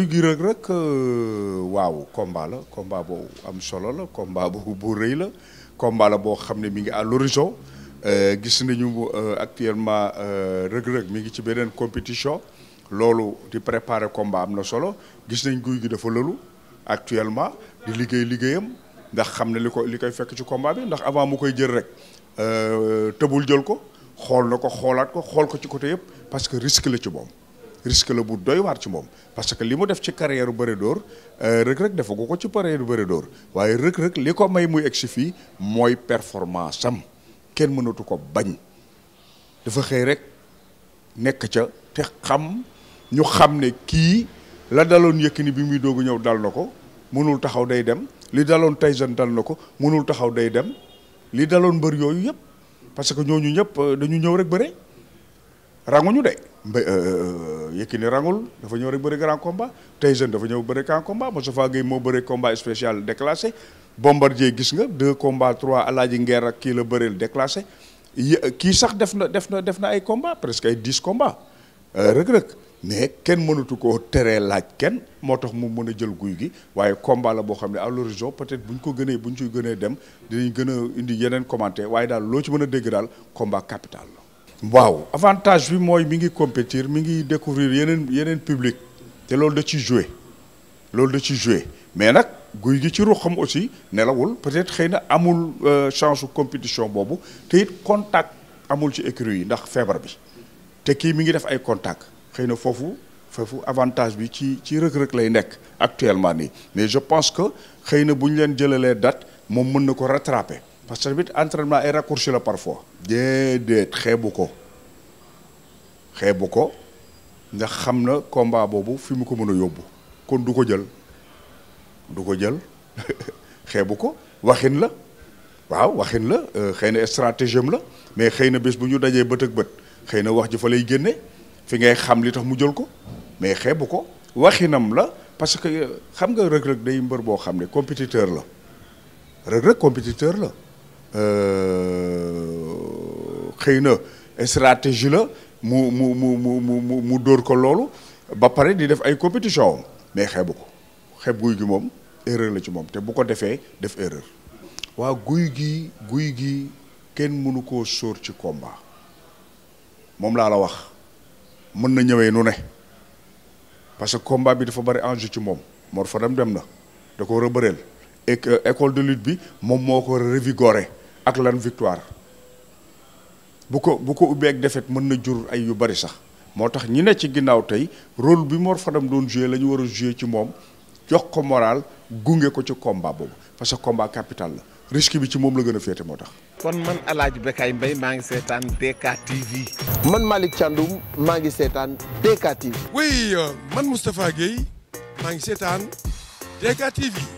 guy gi rek rek euh, waaw combat la combat boobu am solo la combat boobu rëy la combat boo xam ne mi ngi à l'horizon euh, gis nañu euh, actuellement Reug Reug mi ngi ci beneen compétition loolu di préparer combat am na solo gis nañ guy gi dafa lëlu actuellement di liggéey liggéeyam ndax xam ne li ko li koy fekk ci combat bi ndax avant mu koy jël rek tëbul jël ko xool na ko xoolaat ko xool ko ci côté yëpp parce que risque la ci boom risque la bu doy waar ci moom parce que li mu def ci carrière bëre dóor euh, Reug Reug defagu ko ci carrière bëre dóor waaye Reug Reug li ko may muy egg si fii mooy performance am kenn mënatu ko bañ dafa xëy rek nekk ca te xam ñu xam ne kii la daloon Yékini bi muy doogu ñëw dal na ko mënul taxaw day dem li daloon Tyson dal na ko mënul taxaw day dem li daloon mbër yooyu yëpp parce que ñooñu ñëpp euh, dañu ñëw rek bëre ñu de mba euh, euh, Yékini rangul dafa ñëw rek bëri grand combat Tyson dafa ñëw bëri grand combat Moustapha Guèye moo bëri combat spécial déclassé Bombardier gis nga deux combats trois Alaaji Ngeer ak kii la bëreel déclassé euh, kii sax def na def na def na ay combat presque ay dix combats rëg-rëg mais kenn mënatu koo teree laaj kenn moo tax mu mën a jël guy gi waaye combat la boo xam ne à l'horizon peut-être bu ñu ko gënee bu ñu ciy gënee dem dinañ gën a indi yeneen commentaire waaye daal loo ci mën a dégg daal waaw avantage bi mooy mi ngi compétir mi ngi découvrir yeneen yeneen public te loolu de ci joué loolu da ci joué mais nag guy gi ci xam aussi nelawul peut-être xëy na amul euh, chance compétition boobu te it contact amul ci écurie yi ndax feebar bi te kii mi ngi def ay contact xëy na foofu foofu avantage bi ci ci rëg-rëg lay nekk actuellement nii mais je pense que xëy na bu ñu leen jëlalee date moom mën na ko rattraper parce que tamit entraînement ay raccourci la parfois. déedéet xeebu ko xeebu ko ndax xam na combat boobu fi mu ko mën a yóbbu kon du ko jël du ko jël xeebu ko waxin la waaw waxin la euh, xëy na stratégie am la mais xëy na bés bu ñu dajee bët bët xëy na wax ji fa lay génne fi ngay xam li tax mu jël ko mais xeebu ko waxinam la parce que euh, xam nga Reug Reug day mbër boo xam ne compétiteur la Reug Reug compétiteur la. Euh, xëy na stratégie la mu mu mu mu mu mu dóor ko loolu ba pare di def ay compétition mais xeebu ko xeeb guy gi moom erreur la ci moom te bu ko defee def erreur waaw guy gi guy gi kenn mënu koo sóor ci komba moom laa la wax mën na ñëwee nu ne parce que combat bi dafa bari enjeu ci moom Mor Fadam dem na da ko war rëbëreel et école de lutte bi moom moo ko révigoré ak lan victoire bu ko bu ko ubbee ak défaite mën na jur ay yu bari sax moo tax ñi ne ci ginnaaw tey rôle bi Mor Fadam doon joué la ñu war a joué ci moom jox ko moral gunge ko ci combat boobu parce que combat capital la risque bi ci moom la gën a féete moo tax. kon man El Hadj ay Mbaye maa ngi seetaan DK TV. man Malick Thiandoum maa ngi seetaan DK TV. oui euh, TV.